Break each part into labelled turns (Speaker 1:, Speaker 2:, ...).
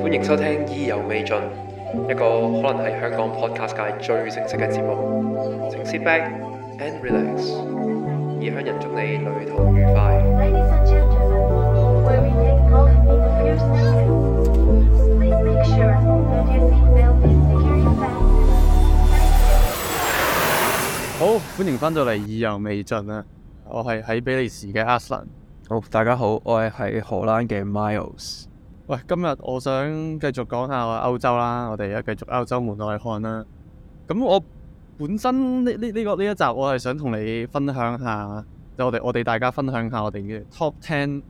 Speaker 1: 歡迎收聽《意猶未盡》，一個可能係香港 podcast 界最正式嘅節目。Please sit back and relax。異鄉人祝你旅途愉快。We you, sure、
Speaker 2: 好，歡迎翻到嚟《意猶未盡》啊！我係喺比利時嘅 Aslan。好，大家好，我係喺荷蘭嘅 Miles。喂，今日我想繼續講下歐洲啦，我哋而家繼續歐洲門外看啦。咁我本身呢呢呢個呢一集，我係想同你分享下，就我哋我哋大家分享下我哋嘅 Top Ten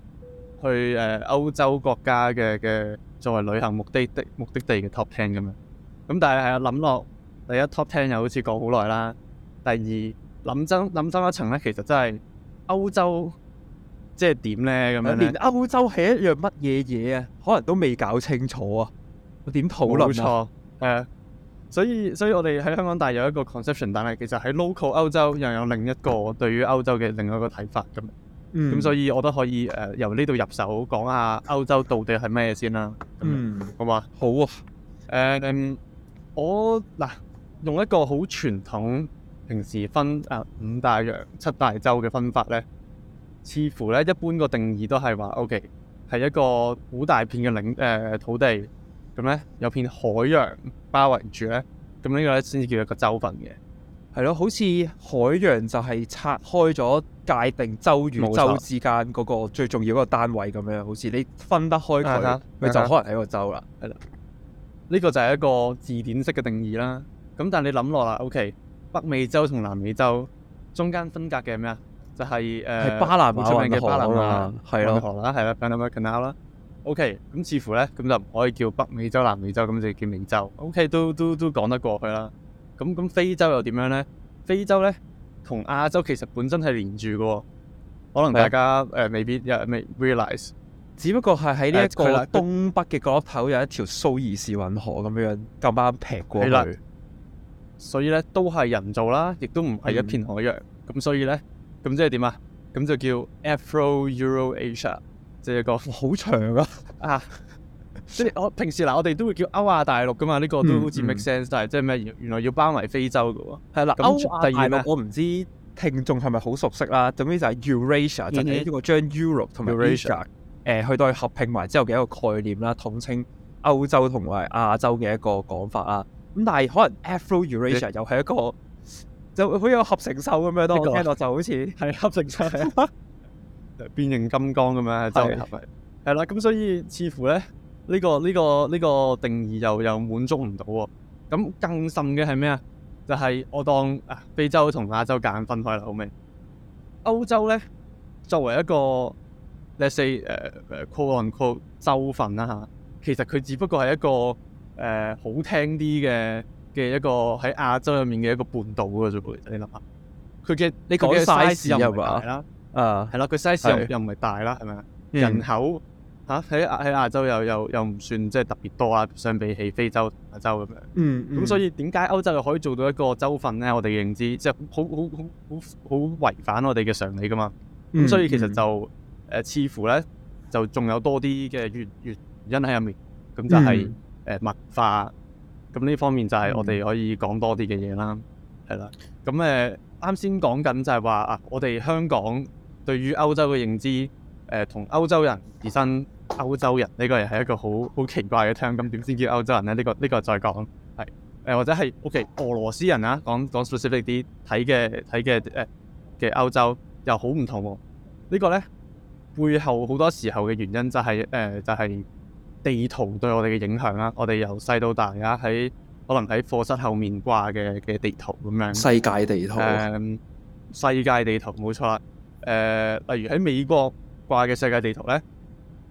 Speaker 2: 去誒歐洲國家嘅嘅作為旅行目的的目的地嘅 Top Ten 咁樣。咁但係係啊，諗落第一 Top Ten 又好似講好耐啦。第二諗真諗真一層咧，其實真係歐洲。即係點呢？咁樣咧，連
Speaker 1: 歐洲係一樣乜
Speaker 2: 嘢嘢啊？可能都未搞清楚啊！我點討論啊？冇錯，誒，所以所以我哋喺香港大有一個 conception，但係其實喺 local 歐洲又有另一個對於歐洲嘅另外一個睇法咁。嗯，咁所以我都可以誒、呃、由呢度入手講下歐洲到底係咩先啦、嗯啊啊。嗯，好好啊。誒，我嗱用一個好傳統平時分誒、啊、五大洋七大洲嘅分法呢。似乎咧，一般個定義都係話，O.K. 係一個好大片嘅、領、呃、土地，咁咧有片海洋包圍住咧，咁呢個咧先至叫一個州份嘅。係咯，好似海洋就係拆
Speaker 1: 開咗界定州與州之間嗰個最重要一個單位咁樣，好似你分
Speaker 2: 得開佢，你、uh -huh, uh -huh. 就可能喺個州啦。係啦，呢、這個就係一個字典式嘅定義啦。咁但係你諗落啦，O.K. 北美洲同南美洲中間分隔嘅係咩啊？就係、是、誒、呃、巴拿馬出名嘅巴拿馬，啊，係啦，係啦 Panama Canal 啦。O K，咁似乎咧，咁就唔可以叫北美洲、南美洲，咁就叫美洲。O、okay, K，都都都講得過去啦。咁咁非洲又點樣咧？非洲咧同亞洲其實本身係連住嘅，可能大家誒、呃、未必有未 realize。只不過係喺呢一個
Speaker 1: 東北嘅角落頭有一條蘇伊士運河咁樣咁啱劈過去，
Speaker 2: 所以咧都係人造啦，亦都唔係一片海洋，咁、嗯嗯、所以咧。咁即係點啊？咁就叫 Afro-Eurasia，即係一個好長啊！即係我平時嗱，我哋都會叫歐亞大陸噶嘛，呢、呢個都好似 make sense、嗯。但係即係咩？原來要包埋非洲噶喎。係、嗯、啦，歐亞大陸我唔
Speaker 1: 知聽眾係咪好熟悉啦。咁呢總之就係 Eurasia，就係呢個將 Europe 同埋 Eurasia 誒、呃、去到去合拼埋之後嘅一個概念啦，統稱歐洲同埋亞洲嘅一個講法啦咁、嗯、但係可能 Afro-Eurasia 又係一個。就好有合成獸咁樣，當聽落就好似
Speaker 2: 係、呢個、合成獸，變 形金剛咁樣，係啦。咁所以似乎咧，呢、呢個呢、呢個呢、呢個定義又又滿足唔到喎。咁更甚嘅係咩啊？就係我當啊非洲同亞洲間分開啦，好未？歐洲咧作為一個 let's say 誒、uh, 誒 quote on quote 洲份啦嚇，其實佢只不過係一個誒、uh, 好聽啲嘅。嘅一個喺亞洲入面嘅一個半島嘅啫噃，你諗下佢嘅，你講 size, size 又唔大啦，誒係啦，佢 size 又唔係大啦，係、啊、咪人口嚇，喺喺亞洲又又又唔算即係特別多啊，相比起非洲同亞洲咁樣，嗯咁、嗯、所以點解歐洲又可以做到一個洲份咧？我哋認知即係好好好好好違反我哋嘅常理噶嘛，咁、嗯、所以其實就誒、嗯呃、似乎咧就仲有多啲嘅原因喺入面，咁就係誒文化。咁呢方面就係我哋可以講多啲嘅嘢啦，係、嗯、啦。咁誒，啱先講緊就係話啊，我哋香港對於歐洲嘅認知，誒同歐洲人自身歐洲、這個嗯、洲人呢、這個又係一個好好奇怪嘅 term。咁點先叫歐洲人咧？呢個呢個再講，係誒、呃、或者係 OK 俄羅斯人啊，講講 specific 啲睇嘅睇嘅誒嘅歐洲又好唔同喎、啊。這個、呢個咧背後好多時候嘅原因就係、是、誒、呃、就係、是。地圖對我哋嘅影響啦，我哋由細到大啊，喺可能喺課室後面掛嘅嘅地圖咁樣，世界地圖，嗯、世界地圖冇錯啦，誒、呃，例如喺美國掛嘅世界地圖咧，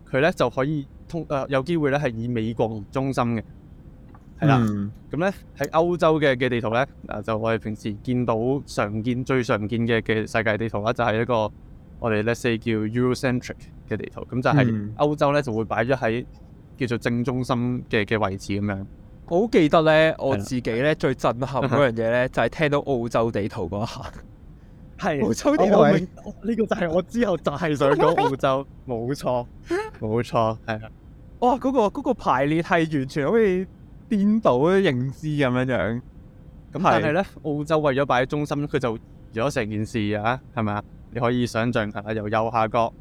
Speaker 2: 佢咧就可以通誒、呃，有機會咧係以美國中心嘅，係啦，咁咧喺歐洲嘅嘅地圖咧，嗱就我哋平時見到常見最常見嘅嘅世界地圖啦，就係、是、一個我哋 let's say 叫 Eurocentric 嘅地圖，咁就喺歐洲咧就會擺咗喺、嗯。在叫做正中心嘅嘅位置咁樣。
Speaker 1: 我好記得咧，我自己咧最震撼嗰樣嘢咧，就係、是、聽到澳洲地圖嗰下。
Speaker 2: 係澳洲地圖、哦，呢、哦這個就係我之後就係上咗澳洲，冇錯冇錯，係啊。哇！嗰、哦那個那個排列係完全好似顛倒咗認知咁樣樣。咁但係咧，澳洲為咗擺喺中心，佢就移咗成件事啊，係咪啊？你可以想象下，由右下角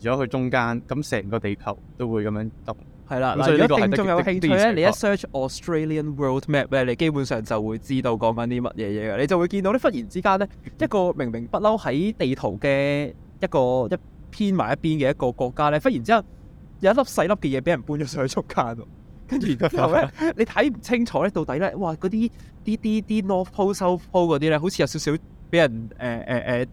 Speaker 2: 移咗去中間，咁成個地球都會咁樣動。係啦、嗯，所以如果有興趣咧，你
Speaker 1: 一 search Australian World Map 咧、嗯，你基本上就會知道講緊啲乜嘢嘢嘅，你就會見到咧。忽然之間咧，一個明明不嬲喺地圖嘅一個一偏埋一邊嘅一,一個國家咧，忽然之間有一粒細粒嘅嘢俾人搬咗上去中間跟住、嗯、然後咧， 你睇唔清楚咧，到底咧，哇！嗰啲啲啲啲 North Pole South Pole 嗰啲咧，好似有少少俾人誒誒誒，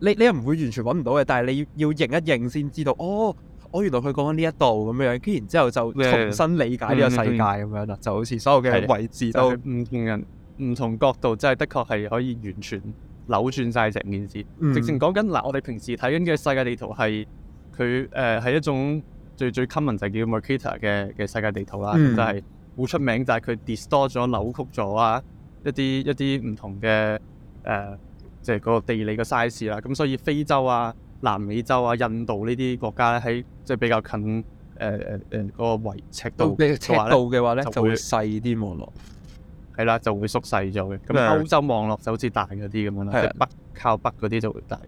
Speaker 1: 你你又唔會完全揾唔到嘅，但係你要要認一認先知道哦。我原來佢講緊呢一度
Speaker 2: 咁樣，跟然之後就重新理解呢個世界咁樣啦，就好似所有嘅位置都唔、就是、同人唔同角度，真、就、係、是、的確係可以完全扭轉晒成件事。嗯、直情講緊嗱，我哋平時睇緊嘅世界地圖係佢誒係一種最最 common 就是、叫 Mercator 嘅嘅世界地圖啦、嗯，就係、是、好出名，就係、是、佢 distort 咗、扭曲咗啊一啲一啲唔同嘅誒，即、呃、係、就是、個地理嘅 size 啦。咁所以非洲啊、南美洲啊、印度呢啲國家咧喺即係比較近，誒誒誒嗰個圍尺度的呢，呃呃嗰個、尺度嘅話咧就會細啲網絡，係啦就會縮細咗嘅。咁歐洲網絡就好似大嗰啲咁樣啦，即係、北靠北嗰啲就會大。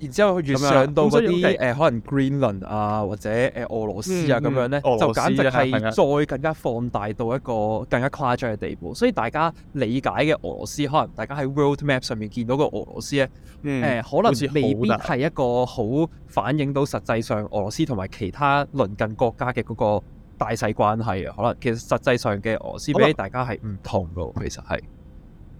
Speaker 2: 然
Speaker 1: 之後佢越上到嗰啲誒，可能 Greenland 啊，或者誒、呃、俄羅斯啊咁樣咧、嗯，就簡直係再更加放大到一個更加誇張嘅地步。所以大家理解嘅俄羅斯，可能大家喺 World Map 上面見到嘅俄羅斯咧，誒、嗯呃、可能未必係一個好反映到實際上俄羅斯同埋其他鄰近國家嘅嗰個大細關係嘅。可能其實實際上嘅俄羅斯比大家係唔同嘅，其
Speaker 2: 實係。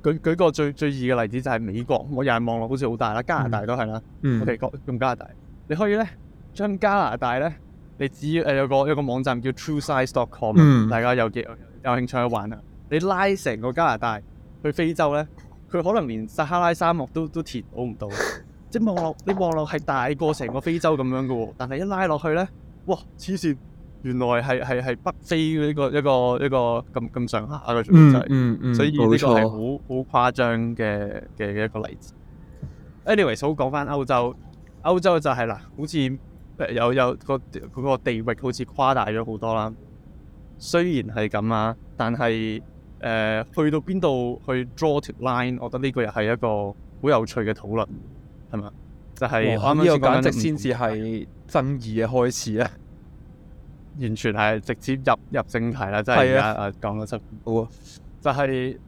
Speaker 2: 舉舉個最最易嘅例子就係美國，我又係望落好似好大啦，加拿大都係啦。我哋用加拿大，你可以咧將加拿大咧，你只要、呃、有個有個網站叫 TrueSize.com，大家有嘅有興趣去玩啊。你拉成個加拿大去非洲咧，佢可能連撒哈拉沙漠都都填補唔到。即望落，你望落係大過成個非洲咁樣㗎喎，但係一拉落去咧，哇黐線！原來係係係北非呢個一個一個咁咁上下嘅狀態，所以呢個係好好誇張嘅嘅一個例子。Anyway，所講返歐洲，歐洲就係、是、嗱，好似有有，有個個地域好似誇大咗好多啦。雖然係咁啊，但係誒、呃，去到邊度去 draw 條 line，我覺得呢個又係一個好有趣嘅討論，係嘛？就係、是、呢、這個簡直先至係爭議嘅開始啊！ 完全係直接入入正題啦，即係而家講咗出，就係、是、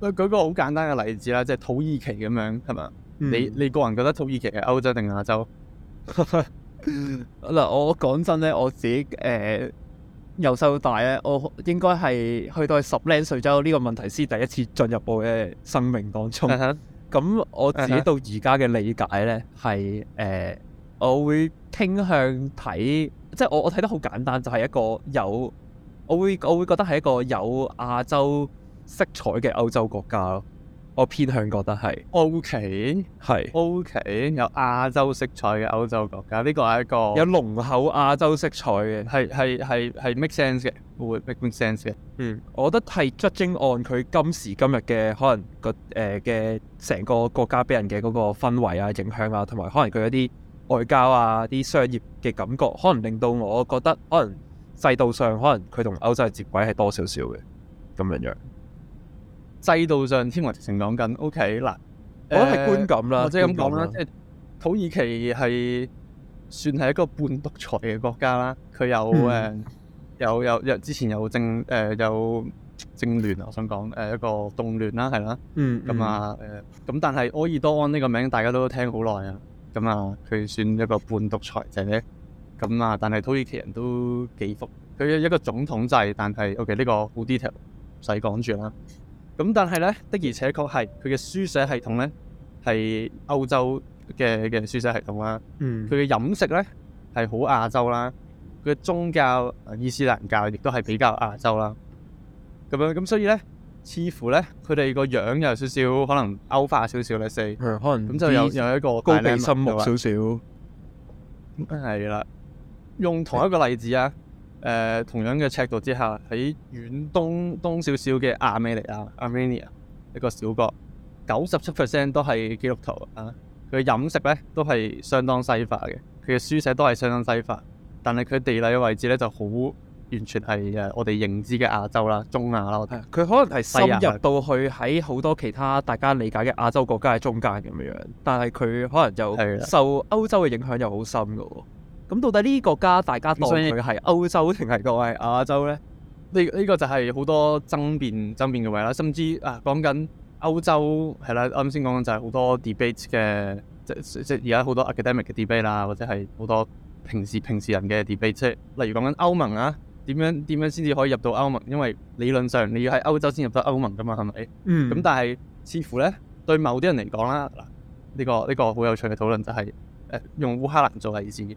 Speaker 2: 舉個好簡單嘅例子啦，即係土耳其咁樣，係咪、嗯、你你個人覺得土耳其係歐洲定亞洲？嗱， 我講真咧，我自己誒
Speaker 1: 由細到大咧，我應該係去到十零歲之後，呢個問題先第一次進入我嘅生命當中。咁 我自己到而家嘅理解咧，係 誒、呃，我會傾向睇。即係我我睇得好簡單，就係、是、一個有我會我會覺得係一個有亞洲色彩嘅
Speaker 2: 歐洲國家咯。我偏向覺得係 O.K. 係 O.K. 有亞洲色彩嘅歐洲國家，呢、這個係一個有濃厚亞洲色彩嘅，係係係係 make sense 嘅，會 make sense 嘅。嗯，我覺得係 judging on 佢今
Speaker 1: 時今日嘅可能個誒嘅成個國家俾人嘅嗰個氛圍啊、影響啊，同埋可能佢一啲。外交啊，啲商業嘅感覺，可能令到我覺得，可、啊、能制度上，可能佢同歐洲接軌係多少少嘅咁樣樣。
Speaker 2: 制度上，天文直情講緊，OK 嗱，我覺得係觀感啦，即係咁講啦，即、即係、土耳其係算係一個半獨裁嘅國家啦。佢有、嗯、有有有之前有政、呃、有政亂啊，我想講、呃、一個動亂啦、啊，係啦、啊，嗯，嗯，咁、嗯、啊咁、呃、但係埃爾多安呢個名大家都聽好耐啊。咁、嗯、啊，佢算一個半獨裁制咧。咁、嗯、啊，但係土耳其人都幾服，佢一一個總統制，但係 OK 個 detail，嗯、但係呢個好 detail，唔使講住啦。咁但係咧，的而且確係佢嘅書寫系統咧係歐洲嘅嘅書寫系統啦。佢、嗯、嘅飲食咧係好亞洲啦。佢嘅宗教伊斯蘭教亦都係比較亞洲啦。咁樣咁，所以咧。似乎咧，佢哋個樣又有少少，可能歐化少少咧，四。可能。咁就有 D，有一個、Dynamic、高鼻深目少少。係啦，用同一個例子啊，誒、呃，同樣嘅尺度之下，喺遠東東少少嘅亞，亞，亞美尼亞 （Armenia） 一個小國，九十七 percent 都係基督徒啊。佢飲食咧都係相當西化嘅，佢嘅書寫都係相當西化，但係佢地理嘅位置咧就好。完全係誒我哋認知嘅亞洲啦、中亞啦，我睇下，
Speaker 1: 佢可能係深入到去喺好多其他大家理解嘅亞洲國家嘅中間咁樣樣，但係佢可能就係受歐洲嘅影響又好深㗎喎。咁到底呢啲國家大家當佢係歐洲
Speaker 2: 定係當係亞洲咧？呢、呢、呢個就係好多爭辯爭辯嘅位啦，甚至啊講緊歐洲係啦，啱先講緊就係好多 debate 嘅，即即而家好多 academic 嘅 debate 啦，或者係好多平時平時人嘅 debate，即例如講緊歐盟啊。點樣點樣先至可以入到歐盟？因為理論上你要喺歐洲先入得歐盟噶嘛，係咪？咁、嗯嗯、但係似乎呢，對某啲人嚟講啦，嗱、這個，呢、這個呢個好有趣嘅討論就係、是呃、用烏克蘭做例子的。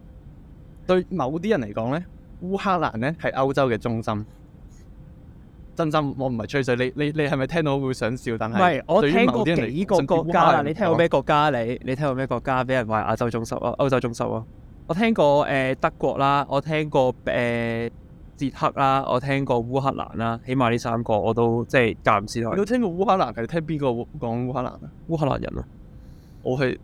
Speaker 2: 對某啲人嚟講呢，烏克蘭呢係歐洲嘅中心。真心我唔係吹水，你你你係咪聽到會想笑？但係對於某啲人嚟講，聽過幾個國家，你聽過咩國
Speaker 1: 家你？你你聽過咩國家？俾人話亞洲中心啊，歐洲中心啊？我聽過誒、呃、德國啦，我聽過誒。呃捷克啦、啊，我聽過烏克蘭啦、啊，起碼呢三個我都即係間唔時都你有聽
Speaker 2: 過烏克蘭？你聽邊個講烏克蘭啊？
Speaker 1: 烏克蘭人啊，
Speaker 2: 我係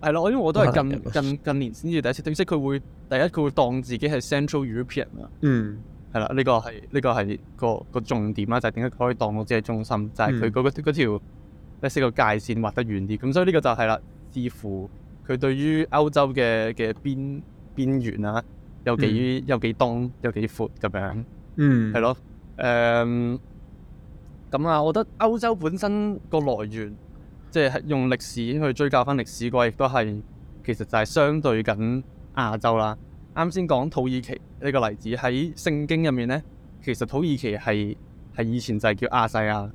Speaker 2: 係咯，因為我都係近近近，近年先至第一次，即係佢會第一佢會當自己係 Central European 啊。嗯，係啦，呢、這個係呢、這個係個，個重點啦，就係點解佢可以當到自己係中心，就係佢嗰條個界線畫得遠啲。咁所以呢個就係、是、啦，似乎佢對於歐洲嘅嘅邊邊緣啦。有幾、嗯、有幾東有幾闊咁樣，嗯，係咯，誒、嗯，咁啊，我覺得歐洲本身個來源，即、就、係、是、用歷史去追究翻歷史嘅，亦都係其實就係相對緊亞洲啦。啱先講土耳其呢個例子喺聖經入面咧，其實土耳其係係以前就係叫亞細亞，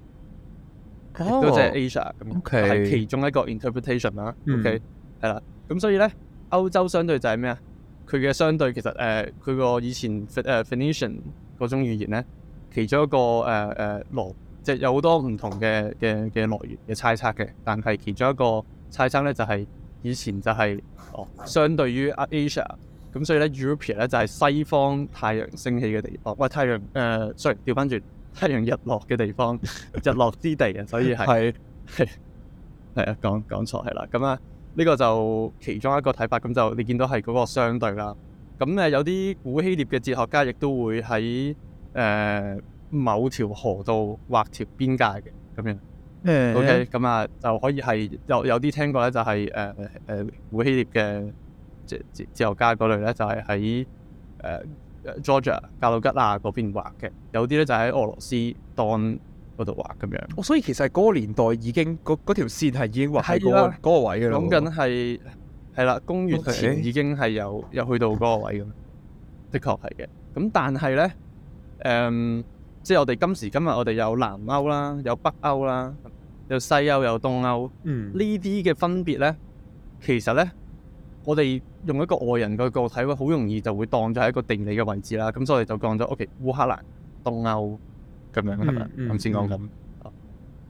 Speaker 2: 都即係 Asia 咁、okay，係其中一個 interpretation 啦。OK，係啦，咁、okay, 所以咧，歐洲相對就係咩啊？佢嘅相對其實誒，佢、呃、個以前誒、uh, Phoenician 嗰種語言咧，其中一個誒誒囉，即係有好多唔同嘅嘅嘅來源嘅猜測嘅，但係其中一個猜測咧就係、是、以前就係、是、哦，相對於 Asia，咁，所以咧 Europe 咧就係西方太陽升起嘅地，哦呃、地方，喂太陽 sorry 調翻轉太陽日落嘅地方，日落之地啊，所以係係係啊，講講錯係啦，咁、嗯、啊。呢、這個就其中一個睇法，咁就你見到係嗰個相對啦。咁誒有啲古希臘嘅哲學家亦都會喺誒、呃、某條河度畫條邊界嘅咁樣。誒 OK，咁啊就可以係有有啲聽過咧、就是，就係誒誒古希臘嘅哲哲哲學家嗰類咧，就係喺誒誒 Georgia 格魯吉亞嗰邊畫嘅。有啲咧就喺俄羅斯，當度畫咁樣。哦，所以其實係嗰個年代已經，嗰嗰條線係已經畫喺嗰嗰個位嘅啦。講緊係係啦，公元前已經係有，okay. 有去到嗰個位嘅，確的確係嘅。咁、嗯、但係咧、嗯，即係我哋今時今日，我哋有南歐啦，有北歐啦，有西歐有東歐，呢啲嘅分別咧，其實咧，我哋用一個外人嘅角度睇，會好容易就會當咗係一個定理嘅位置啦。咁所以我哋就講咗，OK，烏克蘭東歐。咁樣係咪？啱、嗯嗯、先講咁、嗯嗯嗯，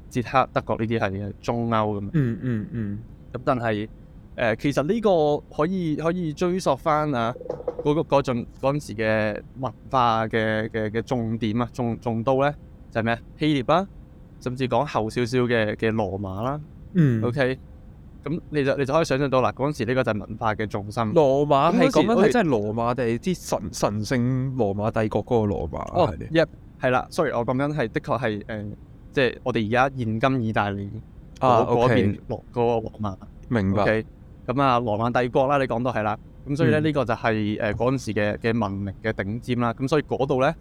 Speaker 2: 捷克、德國呢啲係中歐咁。嗯嗯嗯。咁、嗯、但係誒、呃，其實呢個可以可以追溯翻啊嗰個嗰陣時嘅文化嘅嘅嘅重點啊，重重都咧就係、是、咩？希臘啦、啊，甚至講後少少嘅嘅羅馬啦。嗯。O K，咁你就你就可以想象到啦，嗰陣時呢個就係文化嘅重心。羅馬係咁樣係，即係、okay.
Speaker 1: 羅馬定係啲神神聖羅馬帝國嗰個羅馬哦，一、oh,
Speaker 2: yep.。係啦，sorry，我講緊係，的確係誒，即、呃、係、就是、我哋而家現今意大利嗰邊落嗰個羅曼，明白咁啊羅曼帝國啦。你講到係啦，咁所以咧呢、嗯這個就係誒嗰陣時嘅嘅文明嘅頂尖啦。咁所以嗰度咧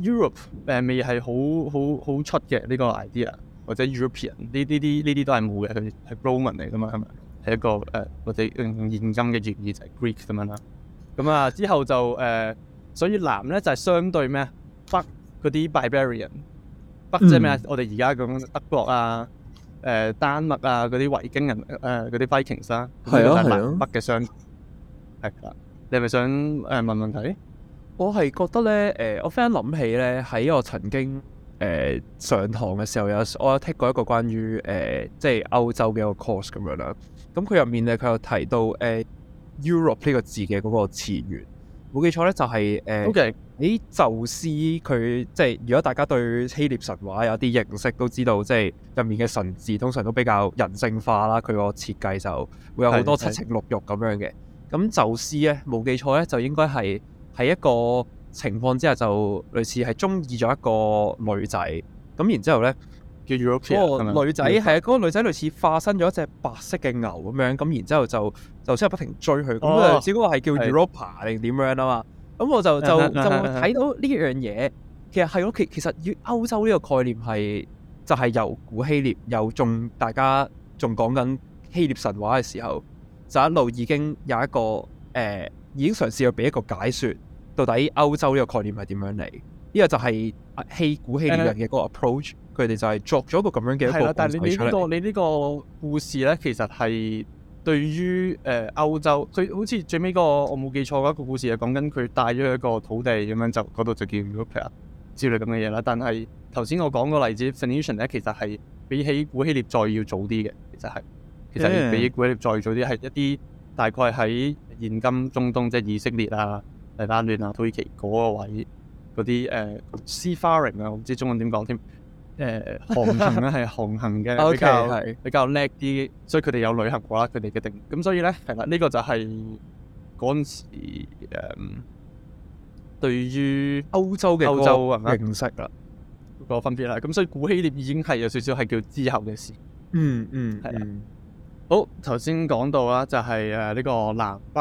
Speaker 2: Europe 誒、呃、未係好好好出嘅呢、這個 idea 或者 European 呢呢啲呢啲都係冇嘅，佢係 Roman 嚟噶嘛係咪？係一個誒、呃、或者用現今嘅語言就係、是、Greek 咁樣啦。咁啊、呃、之後就誒、呃，所以南咧就係、是、相對咩北嗰啲 Biberian 北即係咩啊？我哋而家講德國啊、誒、呃、丹麥啊嗰啲維京人、誒嗰啲 Vikings 啊，係咯係咯，北嘅商係啊，啊，啊，你係咪想誒、呃、問問題？我係
Speaker 1: 覺得咧，誒、呃、我忽然諗起咧，喺我曾經誒、呃、上堂嘅時候有我有 take 過一個關於誒、呃、即係歐洲嘅一個 course 咁樣啦。咁佢入面咧佢有提到誒、呃、Europe 呢個字嘅嗰個詞源。冇記錯咧，就係、是、誒。Okay 宙斯佢即係，okay. 就係就係、如果大家對希臘神話有啲認識，都知道即係入面嘅神字通常都比較人性化啦。佢個設計就會有好多七情六欲咁樣嘅。咁宙斯咧，冇記錯咧，就應該係喺一個情況之下，就類似係中意咗一個女仔。咁然之後咧，叫 Europe。嗰個女仔係啊，嗰、嗰個女仔類似化身咗一隻白色嘅牛咁樣。咁然之後就。就先係不停追佢，咁啊只不過係叫 Europa 定點樣啊嘛？咁我就就 就睇到呢樣嘢，其實係咯，其其實歐洲呢個概念係就係、是、由古希臘，又仲大家仲講緊希臘神話嘅時候，就一路已經有一個誒、呃，已經嘗試去俾一個解說，到底歐洲呢個概念係點樣嚟？呢、這個就係、是啊、希古希臘人嘅嗰個 approach，佢哋就係作咗一個咁樣嘅一個但係你呢、這個
Speaker 2: 你呢個故事咧，其實係。對於誒、呃、歐洲，佢好似最尾嗰、那個我冇記錯嗰、那個故事係講緊佢帶咗一個土地咁樣，就嗰度就叫咗皮亞之類咁嘅嘢啦。但係頭先我講個例子 Phoenician 咧，其實係比起古希臘再要早啲嘅，其實係其實比古希臘再早啲係一啲、yeah. 大概喺現今中東即係以色列啊黎巴嫩啊土耳其嗰個位嗰啲誒 seafaring 啊，我唔知中文點講添。誒、uh, 航行咧係 航行嘅、okay, 比較比較叻啲，所以佢哋有旅行過啦。佢哋嘅定咁，所以咧係啦，呢、這個就係嗰陣時誒、um, 對於歐洲嘅歐洲認識啦個分別啦。咁所以古希臘已經係有少少係叫之後嘅事。嗯、mm、嗯 -hmm.，mm -hmm. 好頭先講到啦，就係誒呢個南北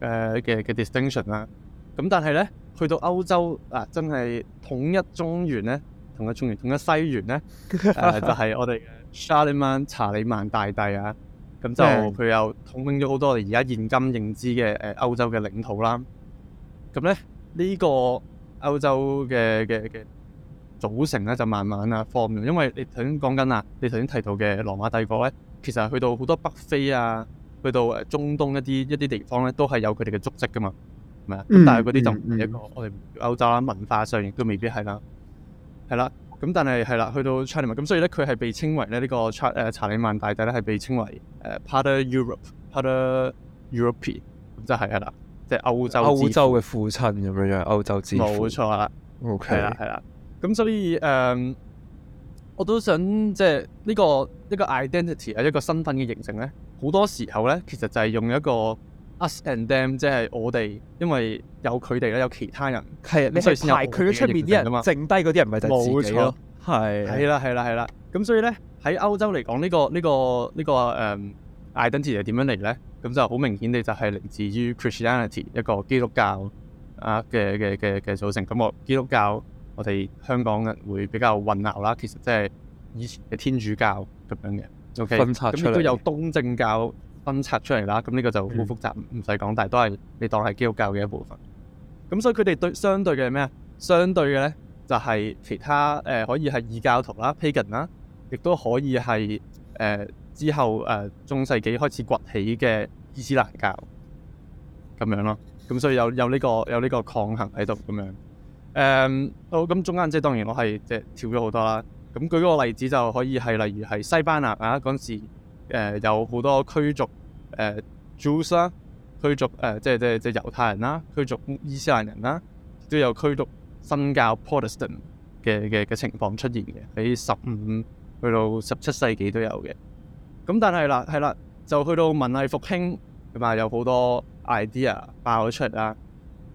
Speaker 2: 誒嘅嘅 distinction 啦。咁但係咧去到歐洲啊，真係統一中原咧。同一中原，同一西元咧、 啊，就係、是、我哋嘅查理曼、查理曼大帝啊。咁就佢又統領咗好多我哋而家現今認知嘅、誒、呃、歐洲嘅領土啦。咁咧呢、這個歐洲嘅嘅嘅組成咧就慢慢啊，放唔。因為你頭先講緊啊，你頭先提到嘅羅馬帝國咧，其實去到好多北非啊，去到誒中東一啲一啲地方咧，都係有佢哋嘅足跡噶嘛，係咪啊？但係嗰啲就唔係一個、嗯嗯、我哋歐洲啦，文化上亦都未必係啦。係啦，咁但係係啦，去到查理曼咁，所以咧佢係被稱為咧呢、這個查查理曼大帝咧，係被稱為誒 Pater Europe, Europe、就是、Pater European，咁就係啦，即、就、係、是、歐洲歐洲嘅
Speaker 1: 父親咁樣樣，歐洲之父冇錯啦。
Speaker 2: OK，係啦，咁所以誒、呃，我都想即係呢、這個一個 identity 係一個身份嘅形成咧，好多時候咧其實就係用一個。Us and them 即係我哋，因為有佢哋咧，有其他人，係你係排佢出面啲人啊嘛，剩
Speaker 1: 低嗰啲人唔係就係自己咯，係
Speaker 2: 係啦係啦係啦。咁所以咧喺歐洲嚟講，這個這個這個嗯、是來呢個呢個呢個誒艾登治係點樣嚟咧？咁就好明顯地就係嚟自於 Christianity 一個基督教啊嘅嘅嘅嘅組成。咁我基督教我哋香港人會比較混淆啦。其實即係以前嘅天主教咁樣嘅，OK 咁都有東正教。分拆出嚟啦，咁呢個就好複雜，唔使講，但係都係你當係基督教嘅一部分。咁所以佢哋對相對嘅係咩啊？相對嘅咧，的就係其他誒、呃、可以係異教徒啦、pagan 啦，亦都可以係誒、呃、之後誒、呃、中世紀開始崛起嘅伊斯蘭教咁樣咯。咁所以有有呢、這個有呢個抗衡喺度咁樣。誒、嗯、好，咁、哦、中間即係當然我係即係跳咗好多啦。咁舉嗰個例子就可以係例如係西班牙啊嗰陣時。誒、呃、有好多驅逐誒 Jews 驅逐、呃、即係即係即係猶太人啦、啊，驅逐伊斯蘭人啦、啊，都有驅逐新教 Protestant 嘅嘅嘅情況出現嘅，喺十五去到十七世紀都有嘅。咁、嗯嗯、但係啦，係啦，就去到文藝復興同埋有好多 idea 爆咗出嚟啦。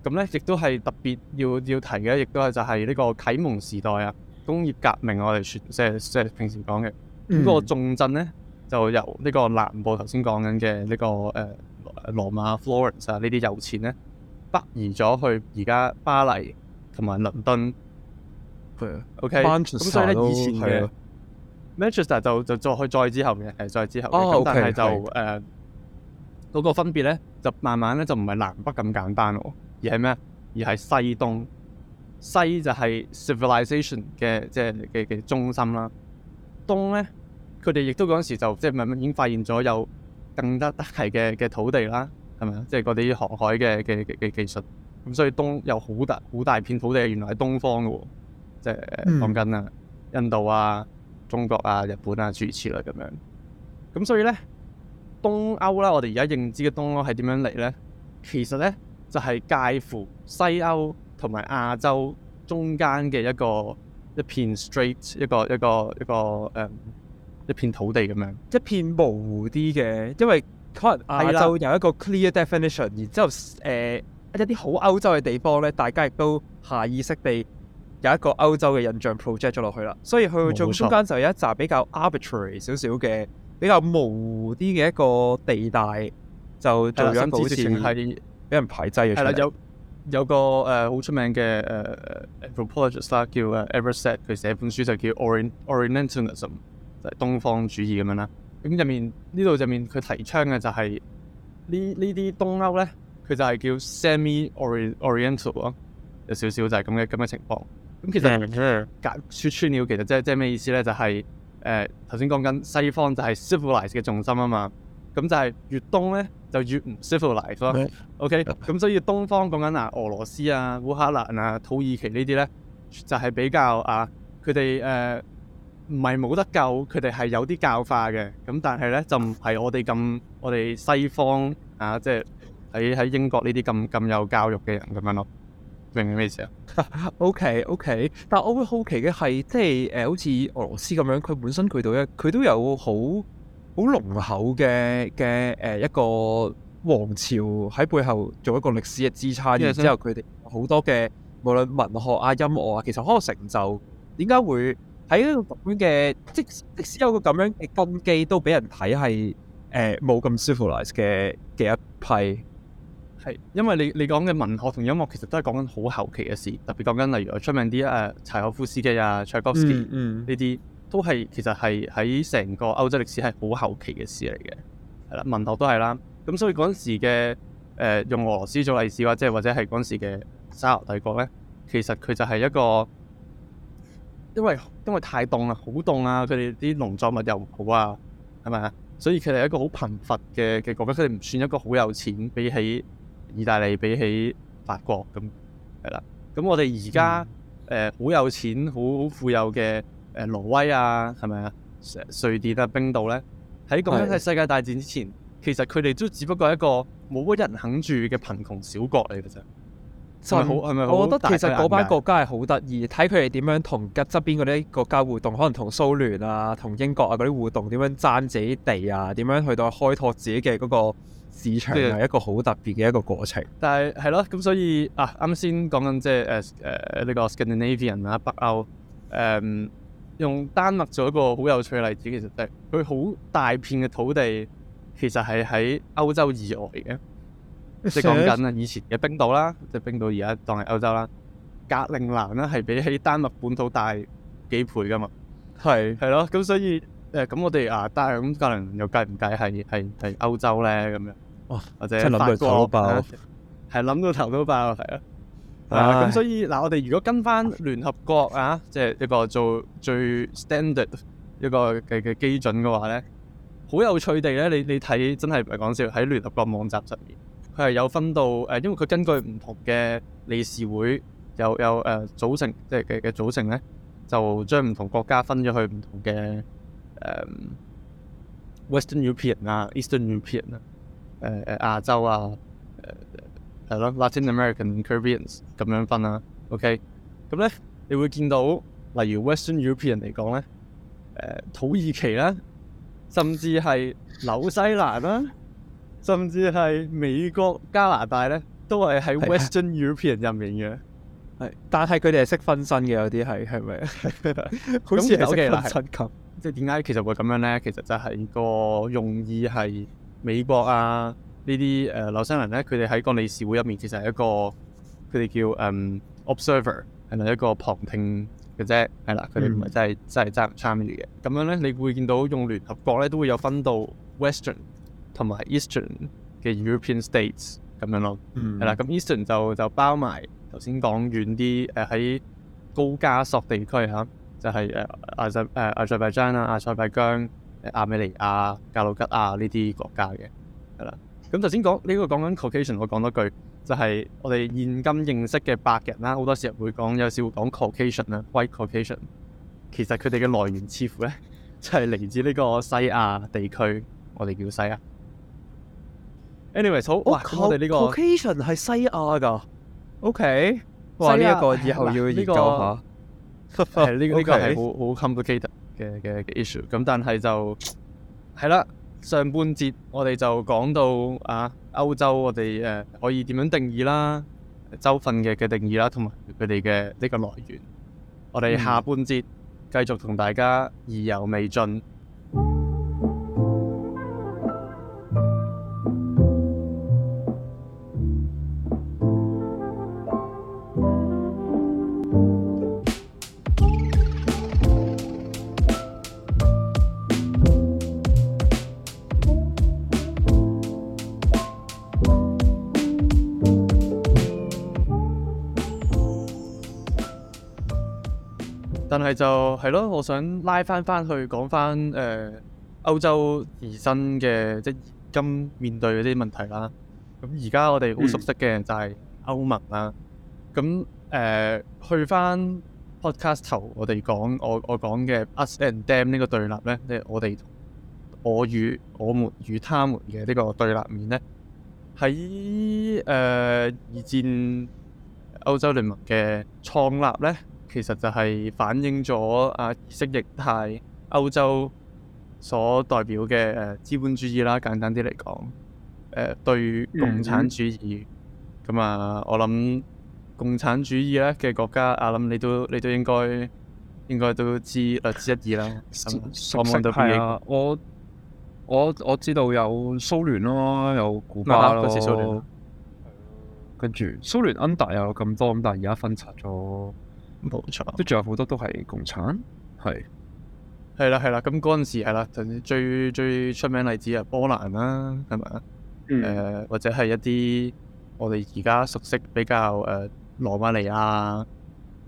Speaker 2: 咁咧亦都係特別要要提嘅，亦都係就係呢個啟蒙時代啊，工業革命我哋説即係即係平時講嘅、嗯、呢個重鎮咧。就由呢個南部頭先講緊嘅呢個誒、呃、羅馬 Florence 啊呢啲有錢咧，北移咗去而家巴黎同埋倫敦。OK、啊。咁、okay? 所以以前嘅、啊、Manchester 就就再去再之後嘅係再之後。哦、啊，但係、okay, 就誒嗰個分別咧，就慢慢咧就唔係南北咁簡單咯，而係咩？而係西東。西就係 civilization 嘅即係、就、嘅、是、嘅中心啦。東咧。佢哋亦都嗰陣時就即係明明已經發現咗有更加大嘅嘅土地啦？係咪啊？即係嗰啲航海嘅嘅嘅技術，咁，所以東有好大好大片土地原來喺東方嘅喎，即係講緊啊印度啊、中國啊、日本啊諸如此類咁樣。咁所以咧，東歐啦，我哋而家認知嘅東歐係點樣嚟咧？其實咧就係、是、介乎西歐同埋亞洲中間嘅一個一片 street 一個一個一個誒。一片土地咁樣，一片模糊啲嘅，因為可能亞洲
Speaker 1: 有一個 clear definition，然之後誒、呃、一啲好歐洲嘅地方咧，大家亦都下意識地有一個歐洲嘅印象 project 咗落去啦，所以去到中間就有一集比較 arbitrary 少少嘅，比較模糊啲嘅一個地帶，
Speaker 2: 就做樣好似係俾人排擠。係啦，有有個誒好出名嘅誒、uh, anthropologist 啦，叫、uh, Everett，s 佢寫一本書就叫 Or Orientalism。就是、東方主義咁樣啦，咁入面呢度入面佢提倡嘅就係、是、呢呢啲東歐咧，佢就係叫 semi oriental 咯，有少少就係咁嘅咁嘅情況。咁其實、mm -hmm. 隔説穿了，其實即即咩意思咧？就係誒頭先講緊西方就係 c i v i l i z e d 嘅重心啊嘛，咁就係越東咧就越唔 c i v i l i z e d、啊、咯。Mm -hmm. OK，咁所以東方講緊啊，俄羅斯啊、烏克蘭啊、土耳其呢啲咧，就係、是、比較啊，佢哋誒。唔係冇得救，佢哋係有啲教化嘅。咁但係咧就唔係我哋咁，我哋西方啊，即係喺喺英國呢啲咁咁有教育嘅人咁樣咯。明唔明咩意思啊？OK OK，但係我會好奇嘅係即係誒、呃，好似俄羅斯咁樣，佢本
Speaker 1: 身佢度咧佢都有好好濃厚嘅嘅誒一個皇朝喺背後做一個歷史嘅支撐。之後佢哋好多嘅無論文學啊、音樂啊，其實可能成就，點解會？喺嗰個咁嘅，即使即使有個咁樣嘅根基，都俾人睇係誒冇咁 civilised 嘅
Speaker 2: 嘅一批，係因為你你講嘅文學同音樂其實都係講緊好後期嘅事，特別講緊例如我出名啲誒柴可夫斯基啊、柴可夫斯基呢啲，啊嗯嗯、這都係其實係喺成個歐洲歷史係好後期嘅事嚟嘅，係啦，文學都係啦。咁所以嗰陣時嘅誒、呃、用俄羅斯做例子或者係或者係嗰陣時嘅沙俄帝國咧，其實佢就係一個。因為因為太凍啦，好凍啊！佢哋啲農作物又唔好啊，係咪啊？所以佢哋係一個好貧乏嘅嘅國家，佢哋唔算一個好有錢，比起意大利、比起法國咁係啦。咁我哋而家誒好有錢、好富有嘅誒、呃、挪威啊，係咪啊？瑞典啊、冰島咧，喺講緊喺世界大戰之前，其實佢哋都只不過係一個冇乜人肯住嘅貧窮小國嚟嘅啫。就係好，係咪我覺得其實嗰班國
Speaker 1: 家係好得意，睇佢哋點樣同側邊嗰啲國家互動，可能同蘇聯啊、同英國啊嗰啲互動，點樣爭自己地啊，點樣去到開拓自己嘅嗰個市場，係一個好特別嘅一個過程。
Speaker 2: 但係係咯，咁所以啊，啱先講緊即係誒誒呢個 Scandinavian 啊，北歐誒用丹麥做一個好有趣嘅例子，其實係佢好大片嘅土地，其實係喺歐洲以外嘅。即係講緊啊，以前嘅冰島啦，即係冰島而家當係歐洲啦。格陵蘭咧係比起丹麥本土大幾倍㗎嘛，係係咯。咁所以誒，咁、呃、我哋啊，但係咁格陵又計唔計係係係歐洲咧咁樣？哇！或者法國啊？係、哦、諗到頭都爆，係啊諗到頭都爆、呃。啊，咁所以嗱，我哋如果跟翻聯合國啊，即係一個做最 standard 一個嘅嘅基準嘅話咧，好有趣地咧，你你睇真係唔係講笑喺聯合國網站上面。佢係有分到誒，因為佢根據唔同嘅理事會有有誒、呃、組成，即係嘅嘅組成咧，就將唔同國家分咗去唔同嘅、呃、Western European 啊，Eastern European 啊，誒誒亞洲啊，係咯、呃、Latin American，Caribbean 咁樣分啦。OK，咁、嗯、咧你會見到，例如 Western European 嚟講咧，土耳其啦，甚至係紐西蘭啦。甚至係美國、加拿大咧，都係喺 Western European 入、啊、面嘅。係，
Speaker 1: 但係佢哋係識分身
Speaker 2: 嘅，有啲係係咪？好似有嘅，身 級、 就是，即係點解其實會咁樣咧？其實就係個用意係美國啊、呃、呢啲誒留學生咧，佢哋喺個理事會入面其實係一個佢哋叫誒、um, observer 係咪一個旁聽嘅啫。係啦，佢哋唔係真係、嗯、真係真係唔參與嘅。咁樣咧，你會見到用聯合國咧都會有分到 Western。同埋 Eastern 嘅 European states 咁樣咯，係、嗯、啦，咁 Eastern 就就包埋頭先講遠啲，誒喺、呃、高加索地區嚇、啊，就係誒阿塞誒阿塞拜疆啦、阿塞拜疆、亞美尼亞、格魯吉亞呢啲國家嘅，係啦。咁頭先講呢個講緊 Caucasian 我講多句，就係、是、我哋現今認識嘅白人啦，好多時候會講，有時會講 Caucasian 啦，White Caucasian 其實佢哋嘅來源似乎咧，就係、是、嚟自呢個西亞地區，我哋叫西亞。Anyways 好，哦、哇我我哋呢個 location 係、啊、西亞噶，OK，話呢一個以後要研究下，係、啊、呢、這個係好好 complicated 嘅嘅 issue。咁但係就係啦，上半節我哋就講到啊，歐洲我哋誒、呃、可以點樣定義啦，洲份嘅嘅定義啦，同埋佢哋嘅呢個來源。我哋下半節繼續同大家意猶未盡。嗯就係咯，我想拉翻翻去講翻誒、歐洲而生嘅，即係今面對嗰啲問題啦。咁而家我哋好熟悉嘅人就係歐盟啦。咁、嗯、誒、呃、去翻 podcast 頭我，我哋講我我講嘅 us and them 呢個對立咧，即、就、係、是、我哋我與我們與他們嘅呢個對立面咧，喺誒、呃、二戰歐洲聯盟嘅創立咧。其實就係反映咗啊，意識形態歐洲所代表嘅誒、呃、資本主義啦，簡單啲嚟講，誒、呃、對共產主義。咁、嗯、啊，我諗共產主義咧嘅國家，啊諗你都你都應該應該都知略知一二啦。熟悉係啊，
Speaker 1: 我啊我我，我知道有蘇聯咯，有古巴咯、啊。跟住蘇聯 under 又有咁多，咁但係而家分拆咗。冇錯，都仲有好多都係共產，係
Speaker 2: 係啦係啦。咁嗰陣時係啦，最最出名例子啊，波蘭啦，係咪啊？誒、呃，或者係一啲我哋而家熟悉比較誒、呃、羅馬尼亞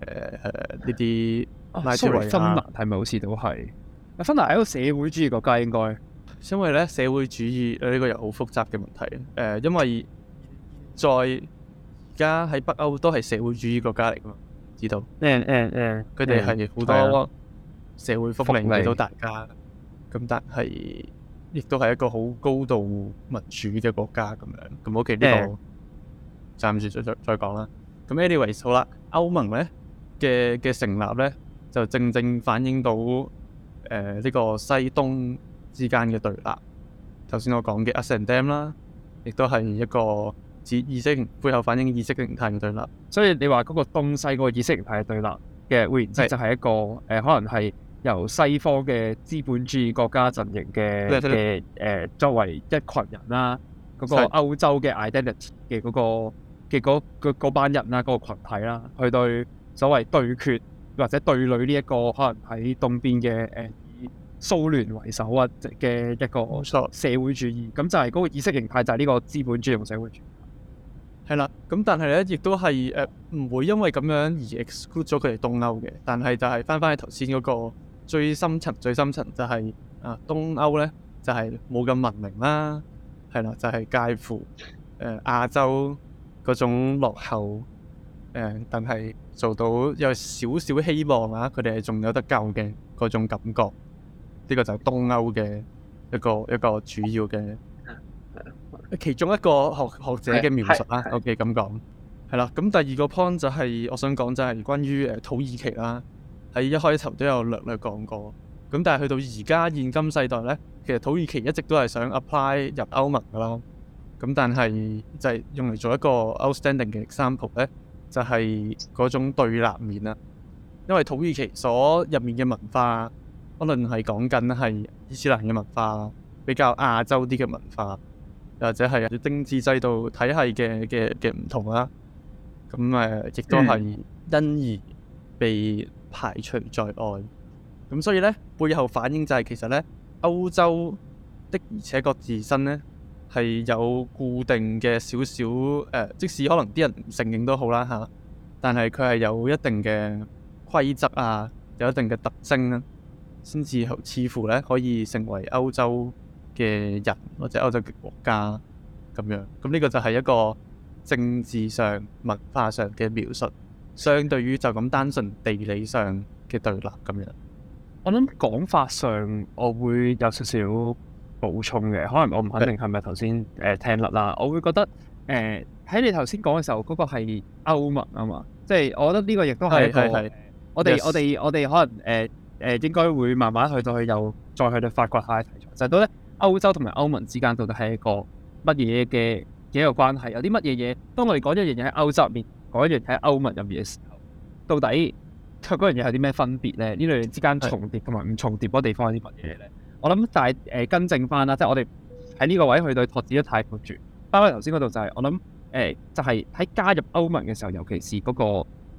Speaker 2: 誒呢啲，蘇、呃、維、呃啊、芬蘭
Speaker 1: 係咪好似都係？
Speaker 2: 芬蘭係一個社會主義國家應該，因為咧社會主義呢、呢個又好複雜嘅問題誒、呃，因為在而家喺北歐都係社會主義國家嚟㗎嘛。知道，誒誒誒，佢哋係好多社會福利俾、啊、到大家，咁但係亦都係一個好高度民主嘅國家咁樣。咁 OK，呢個暫時再再再講啦。咁 anyways，好啦，歐盟咧嘅嘅成立咧，就正正反映到誒呢、呃這個西東之間嘅對立。頭先我講嘅 Us and them 啦，亦都係一個。意識背後反映意識形態嘅對立，所以你話嗰個東西嗰個意識形態嘅對立嘅，換言之就係、是、一個、呃、可能係由西方嘅資
Speaker 1: 本主義國家陣營嘅嘅、呃、作為一群人啦、啊，嗰、那個歐洲嘅 identity 嘅嗰、那個嘅嗰、那個、班人啦、啊，嗰、那個羣體啦、啊，去對所謂對決或者對壘呢、這、一個可能喺東邊嘅、呃、以蘇聯為首啊嘅一個社會主義，咁就係嗰個意識形態就係呢個資
Speaker 2: 本主義同社會主義。係啦，咁但係咧，亦都係誒唔會因為咁樣而 exclude 咗佢哋東歐嘅。但係就係翻返去頭先嗰個最深層、最深層就係、是、啊東歐咧，就係冇咁文明啦、啊。係啦，就係、是、介乎誒亞洲嗰種落後誒、呃，但係做到有少少希望啊，佢哋係仲有得救嘅嗰種感覺。呢個就係東歐嘅一個一個主要嘅。其中一個學學者嘅描述啦、啊，OK 咁講係啦。咁第二個 point 就係、是、我想講就係關於誒土耳其啦。喺一開頭都有略略講過咁，但係去到而家現今世代咧，其實土耳其一直都係想 apply 入歐盟㗎囉。咁但係就係用嚟做一個 outstanding 嘅 example 咧，就係、是、嗰種對立面啦。因為土耳其所入面嘅文化，可能係講緊係伊斯蘭嘅文化，比較亞洲啲嘅文化。或者係政治制度體系嘅嘅嘅唔同啦、啊，咁誒亦都係、嗯、因而被排除在外。咁所以咧，背後反映就係其實咧，歐洲的而且確自身咧係有固定嘅少少誒，即使可能啲人唔承認都好啦嚇、啊，但係佢係有一定嘅規則啊，有一定嘅特徵啊，先至似乎咧可以成為歐洲嘅人或者歐洲嘅國家咁樣，咁呢個就係一個政治上、文化上嘅描述，相對於就咁單純地理上嘅對立咁樣。我諗講法上，
Speaker 1: 我會有少少補充嘅，可能我唔肯定係咪頭先誒聽啦啦。我會覺得誒喺、呃、你頭先講嘅時候，嗰、那個係歐盟啊嘛，即係、就是、我覺得呢個亦都係一個我哋、yes. 我哋我哋可能誒誒、呃呃、應該會慢慢去到去又再去到發掘下嘅題材，就係歐洲同埋歐盟之間到底係一個乜嘢嘅一個關係？有啲乜嘢嘢？當我哋講一樣嘢喺歐洲入面，講一樣嘢喺歐盟入面嘅時候，到底佢嗰樣嘢係啲咩分別咧？呢兩樣之間重疊同埋唔重疊嗰地方係啲乜嘢咧？我諗，但係誒，更、呃、正翻啦，即係我哋喺呢個位去到太，對拓展泰國住包翻頭先嗰度，就係我諗誒，就係喺加入歐盟嘅時候，尤其是嗰、個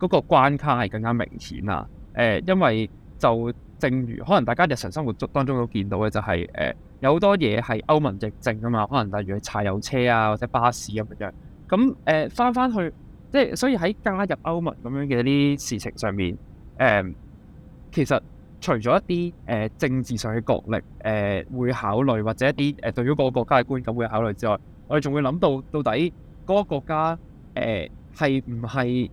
Speaker 1: 嗰、個、關卡係更加明顯啊！誒、呃，因為就正如可能大家日常生活中當中都見到嘅、就係，就係誒。有好多嘢係歐盟疫症啊嘛，可能例如去柴油車啊或者巴士咁樣。咁誒翻翻去，即係所以喺加入歐盟咁樣嘅一啲事情上面，誒、呃、其實除咗一啲誒、呃、政治上嘅角力誒、呃、會考慮，或者一啲誒、呃、對於個國家嘅觀感嘅考慮之外，我哋仲會諗到到底嗰個國家誒係唔係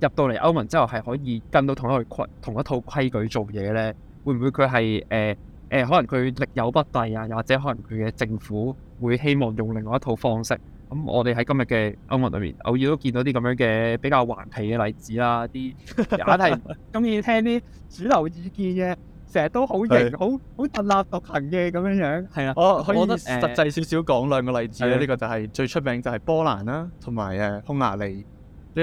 Speaker 1: 入到嚟歐盟之後係可以跟到同一個規同一套規矩做嘢咧？會唔會佢係誒？呃誒可能佢力有不逮啊，又或者可能佢嘅政府會希望用另外一套方式。咁、嗯、我哋喺今日嘅歐盟裏面，偶爾都見到啲咁樣嘅比較頑皮嘅例子啦、啊。啲，假係咁要聽啲主流意見嘅，成日都好型，好好獨立獨行嘅咁樣樣。係啊，我可以、呃、我覺得實際
Speaker 2: 少少講兩個例子咧、啊，呢、這個就係、是、最出名就係波蘭啦、啊，同埋誒匈牙利呢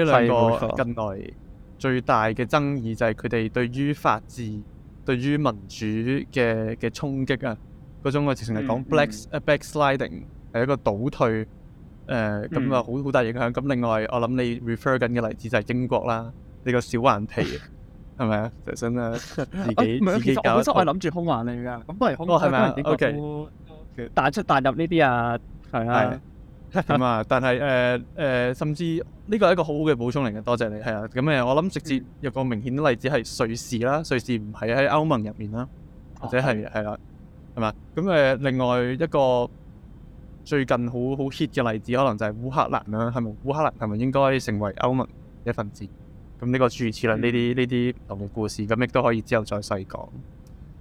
Speaker 2: 兩個近來最大嘅爭議就係佢哋對於法治。對於民主嘅嘅衝擊啊，嗰種我直情係講 black 呃 backsliding 係、嗯嗯、一個倒退，誒咁啊好好大影響。咁另外我諗你 refer 緊嘅例子就係英國啦，你、這個小眼皮係咪、 就係、啊？就真係自己自己搞，其實我真係諗
Speaker 1: 住空話你㗎。咁都係空，都係你講
Speaker 2: 出大入呢啲啊，係、okay. okay. 啊。係啊係係 嘛？但係誒誒，甚至呢、這個係一個很好好嘅補充嚟嘅。多謝，謝你係啊。咁誒、呃，我諗直接有個明顯嘅例子係瑞士啦。瑞士唔係喺歐盟入面啦，或者係係啦，係、哦、嘛？咁誒、呃，另外一個最近好好 hit 嘅例子可能就係烏克蘭啦。係咪烏克蘭係咪應該成為歐盟一份子？咁呢個諸如此類，呢啲呢啲同嘅故事，咁亦都可以之後再細講。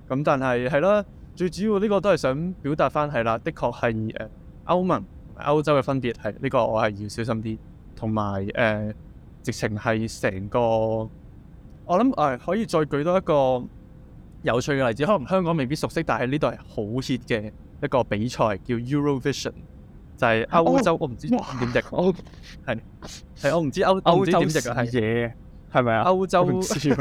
Speaker 2: 咁但係係啦，最主要呢個都係想表達翻係啦。的確係誒歐盟。歐洲嘅分別係呢、這個呃、個，我係要小心啲。同埋誒，直情係成個，我諗誒可以再舉多一個有趣嘅例子。可能香港未必熟悉，但係呢度係好 hit 嘅一個比賽，叫 Eurovision，就係歐、啊啊啊啊、歐，歐，歐，歐，歐洲。我唔知點譯。 係係，我唔知歐歐洲點譯啊？係嘢，係咪啊？歐洲唔係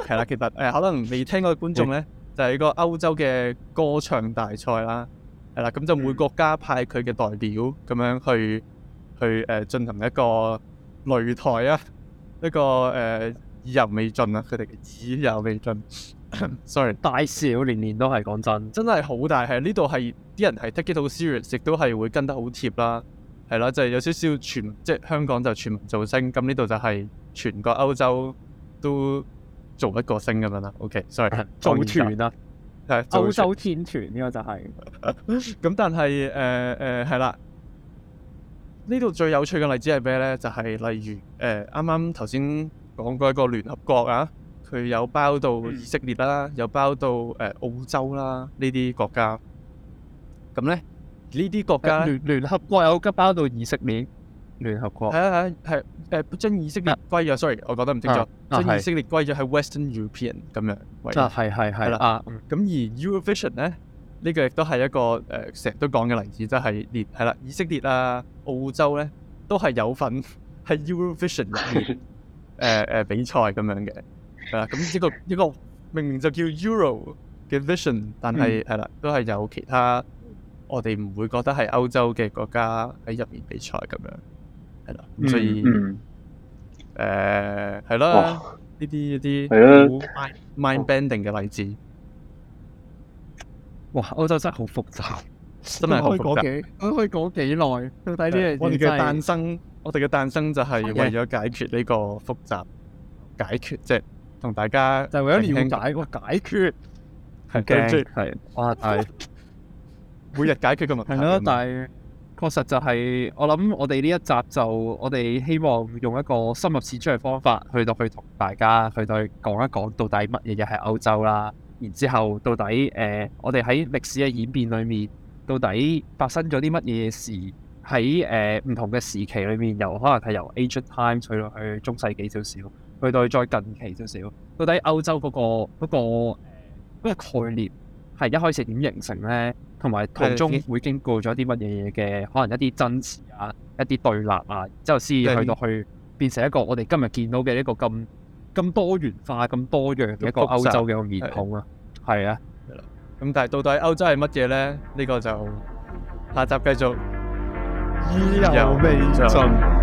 Speaker 2: 係啦。其實誒，可能未聽過嘅觀眾咧，就係、是、個歐洲嘅歌唱大賽啦。係啦，咁就每國家派佢嘅代表咁、嗯、樣去去誒、呃、進行一個擂台啊，一個誒意猶未盡啊，佢哋嘅意猶未盡。 sorry，大笑年年都係講真，真係好大係。呢度係啲人係 take it too serious，亦都係會跟得好貼啦。係啦，就係、是、有少少全即係香港就全民造星，咁呢度就係全國歐洲都做一個星咁樣啦。OK，sorry，、okay, 嗯、做全啊。係歐洲天團呢、這個就係、是，咁、 嗯、但係誒誒係啦，呢度最有趣嘅例子係咩咧？就係、是、例如誒啱啱頭先講過一個聯合國啊，佢有包到以色列啦、啊，有包到誒、呃、澳洲啦呢啲國家，咁咧呢啲國家、呃、聯聯合國有咁包到以色列？聯合國係啊係係誒，將、啊、以色列歸咗、啊。Sorry，我講得唔清楚，將、啊、以色列歸咗喺 Western European 咁樣。啊係係啦啊，咁、啊啊嗯、而 Eurovision 咧呢、呢個亦都係一個誒，成、呃、日都講嘅例子，就係、是、列係啦、啊，以色列啊、澳洲咧都係有份喺 Eurovision 入面誒誒、 呃呃、比賽咁樣嘅。啊，咁一、呢個一、呢個明明就叫 Euro 嘅 vision，但係係啦，都係有其他我哋唔會覺得係歐洲嘅國家喺入面比賽咁樣。所以，誒、嗯，係、嗯、啦，呢啲一啲 mind mind bending 嘅例子，哇，歐洲真係好複雜，真係好複雜，
Speaker 1: 我都可以幾耐。
Speaker 2: 到底呢樣嘢？我哋嘅誕生，我哋嘅誕生就係為咗解決呢個複雜，解決即係同大家就為咗了解個解決，係、就是就是、解決係，哇，係每日解決個問題，咯 是的，但係。確實就
Speaker 1: 係，我諗我哋呢一集就我哋希望用一個深入淺出嘅方法去到去同大家去到講一講到底乜嘢嘢係歐洲啦，然之後到底誒、呃、我哋喺歷史嘅演變裏面到底發生咗啲乜嘢事？喺誒唔同嘅時期裏面，有可能係由 Ancient Times 去到去中世紀少少，去到去再近期少少，到底歐洲嗰個嗰個概念，係一開始點形成咧，同埋途中會經過咗啲乜嘢嘅，可能一啲爭持啊，一啲對立啊，之後先至去到去變成一個我哋今日見到嘅一個咁咁多元化、咁多樣嘅一個歐洲嘅個面孔啊。
Speaker 2: 係啊，咁但係到底歐洲係乜嘢咧？呢個就下集繼續。意猶未盡。